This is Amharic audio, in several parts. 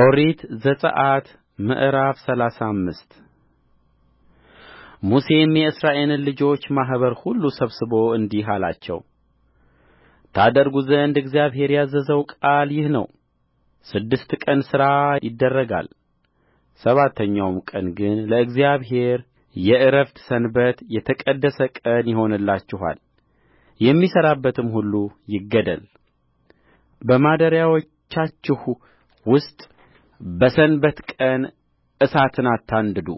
ኦሪት ዘጽአት ምዕራፍ ሰላሳ አምስት ሙሴም የእስራኤልን ልጆች ማኅበር ሁሉ ሰብስቦ እንዲህ አላቸው ታደርጉ ዘንድ እግዚአብሔር ያዘዘው ቃል ይህ ነው ስድስት ቀን ሥራ ይደረጋል ሰባተኛውም ቀን ግን ለእግዚአብሔር የዕረፍት ሰንበት የተቀደሰ ቀን ይሆንላችኋል የሚሠራበትም ሁሉ ይገደል በማደሪያዎቻችሁ ውስጥ በሰንበት ቀን እሳትን አታንድዱ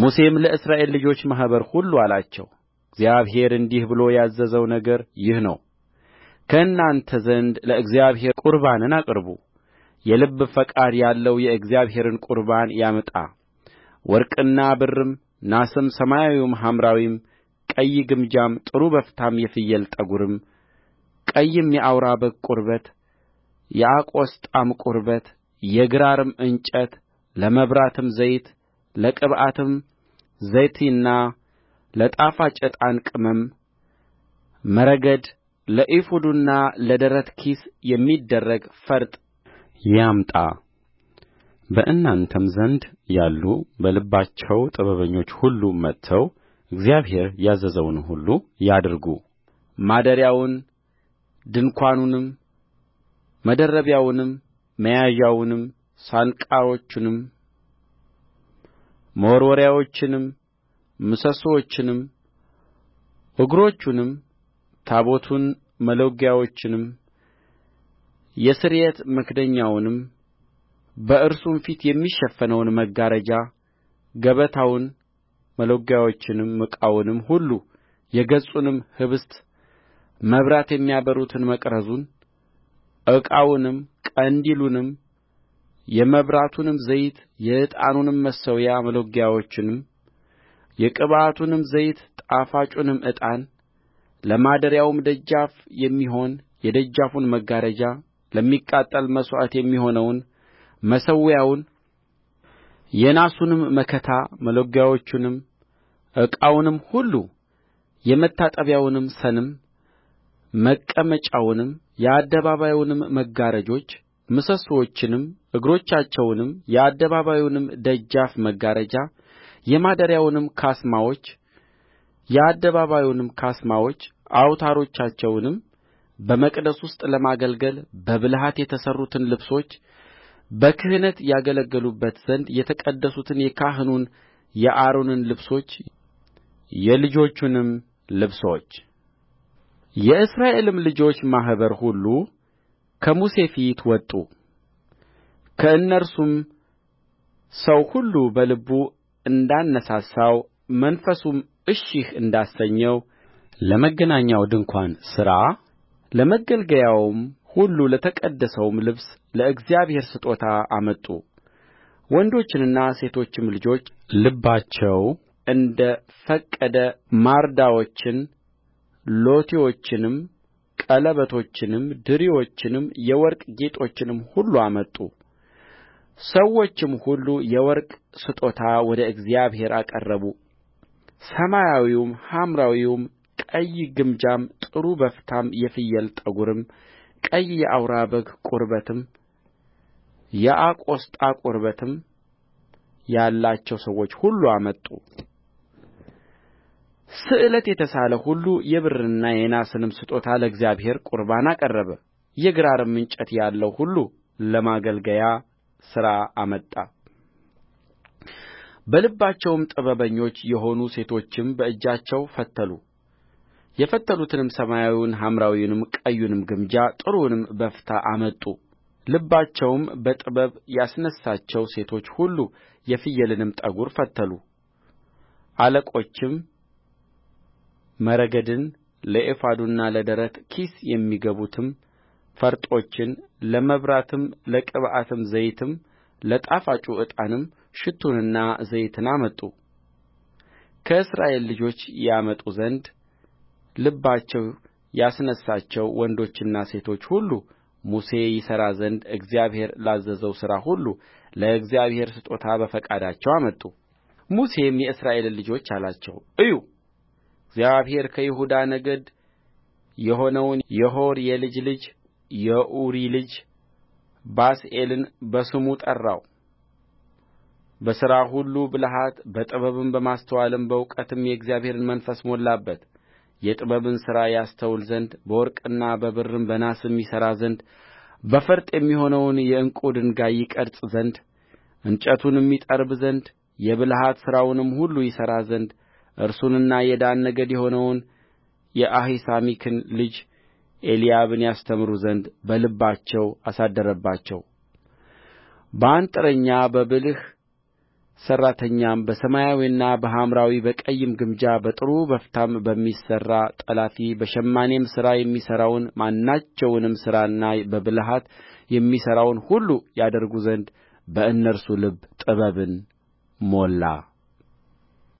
ሙሴም ለእስራኤል ልጆች ማኅበር ሁሉ አላቸው እግዚአብሔር እንዲህ ብሎ ያዘዘው ነገር ይህ ነው ከእናንተ ዘንድ ለእግዚአብሔር ቁርባንን አቅርቡ የልብ ፈቃድ ያለው የእግዚአብሔርን ቁርባን ያምጣ ወርቅና ብርም ናስም ሰማያዊም ሐምራዊም ቀይ ግምጃም ጥሩ በፍታም የፍየል ጠጕርም ቀይም የአውራ በግ ቁርበት የአቆስጣም ቁርበት የግራርም እንጨት ለመብራትም ዘይት ለቅብዓትም ዘይትና ለጣፋጭ ዕጣን ቅመም መረግድ ለኤፉዱና ለደረት ኪስ የሚደረግ ፈርጥ ያምጣ በእናንተም ዘንድ ያሉ በልባቸው ጥበበኞች ሁሉ መጥተው እግዚአብሔር ያዘዘውን ሁሉ ያድርጉ ማደሪያውን ድንኳኑንም መደረቢያውንም መያዣውንም ሳንቃዎቹንም መወርወሪያዎቹንም ምሰሶቹንም እግሮቹንም ታቦቱን መሎጊያዎቹንም የስርየት መክደኛውንም በእርሱም ፊት የሚሸፈነውን መጋረጃ ገበታውን መሎጊያዎቹንም ዕቃውንም ሁሉ የገጹንም ኅብስት መብራት የሚያበሩትን መቅረዙን ዕቃውንም እንዲሉንም የመብራቱንም ዘይት የዕጣኑንም መሠዊያ መሎጊያዎቹንም የቅብዓቱንም ዘይት ጣፋጩንም ዕጣን ለማደሪያውም ደጃፍ የሚሆን የደጃፉን መጋረጃ ለሚቃጠል መሥዋዕት የሚሆነውን መሠዊያውን የናሱንም መከታ መሎጊያዎቹንም ዕቃውንም ሁሉ የመታጠቢያውንም ሰንም መቀመጫውንም የአደባባዩንም መጋረጆች ምሰሶቹንም እግሮቻቸውንም የአደባባዩንም ደጃፍ መጋረጃ የማደሪያውንም ካስማዎች የአደባባዩንም ካስማዎች አውታሮቻቸውንም በመቅደስ ውስጥ ለማገልገል በብልሃት የተሠሩትን ልብሶች በክህነት ያገለግሉበት ዘንድ የተቀደሱትን የካህኑን የአሮንን ልብሶች የልጆቹንም ልብሶች የእስራኤልም ልጆች ማኅበር ሁሉ ከሙሴ ፊት ወጡ። ከእነርሱም ሰው ሁሉ በልቡ እንዳነሣሣው መንፈሱም እሺ እንዳሰኘው ለመገናኛው ድንኳን ሥራ ለማገልገያውም ሁሉ ለተቀደሰውም ልብስ ለእግዚአብሔር ስጦታ አመጡ። ወንዶችንና ሴቶችም ልጆች ልባቸው እንደ ፈቀደ ማርዳዎችን፣ ሎቲዎችንም ቀለበቶችንም ድሪዎችንም የወርቅ ጌጦችንም ሁሉ አመጡ ሰዎችም ሁሉ የወርቅ ስጦታ ወደ እግዚአብሔር አቀረቡ ሰማያዊም ሐምራዊም ቀይ ግምጃም ጥሩ በፍታም የፍየል ጠጕርም ቀይ የአውራ በግ ቁርበትም የአቆስጣ ቁርበትም ያላቸው ሰዎች ሁሉ አመጡ ስእለት የተሳለ ሁሉ የብርንና የናስንም ስጦታ ለእግዚአብሔር ቍርባን አቀረበ የግራርም እንጨት ያለው ሁሉ ለማገልገያ ሥራ አመጣ በልባቸውም ጥበበኞች የሆኑ ሴቶችም በእጃቸው ፈተሉ የፈተሉትንም ሰማያዊውን ሐምራዊውንም ቀዩንም ግምጃ ጥሩውንም በፍታ አመጡ ልባቸውም በጥበብ ያስነሣቸው ሴቶች ሁሉ የፍየልንም ጠጕር ፈተሉ አለቆችም መረግድን ለኤፉዱና ለደረት ኪስ የሚገቡትም ፈርጦችን ለመብራትም ለቅብዓት ዘይትም ለጣፋጭ ዕጣንም ሽቱንና ዘይትን አመጡ ከእስራኤል ልጆች ያመጡ ዘንድ ልባቸው ያስነሣቸው ወንዶችና ሴቶች ሁሉ ሙሴ ይሠራ ዘንድ እግዚአብሔር ላዘዘው ሥራ ሁሉ ለእግዚአብሔር ስጦታ በፈቃዳቸው አመጡ ሙሴም የእስራኤልን ልጆች አላቸው እዩ እግዚአብሔር ከይሁዳ ነገድ የሆነውን የሆር የልጅ ልጅ የኡሪ ልጅ ባስልኤልን በስሙ ጠራው በሥራ ሁሉ ብልሃት በጥበብም በማስተዋልም በእውቀትም የእግዚአብሔርን መንፈስ ሞላበት የጥበብን ሥራ ያስተውል ዘንድ በወርቅና በብርም በናስም ይሠራ ዘንድ በፈርጥ የሚሆነውን የዕንቍ ድንጋይ ይቀርጽ ዘንድ እንጨቱንም ይጠርብ ዘንድ የብልሃት ሥራውንም ሁሉ ይሠራ ዘንድ እርሱንና የዳን ነገድ የሆነውን የአሂሳሚክን ልጅ ኤልያብን ያስተምሩ ዘንድ በልባቸው አሳደረባቸው። በአንጥረኛ በብልህ ሠራተኛም በሰማያዊና በሐምራዊ በቀይም ግምጃ በጥሩ በፍታም በሚሠራ ጠላፊ በሸማኔም ሥራ የሚሠራውን ማናቸውንም ሥራና በብልሃት የሚሠራውን ሁሉ ያደርጉ ዘንድ በእነርሱ ልብ ጥበብን ሞላ።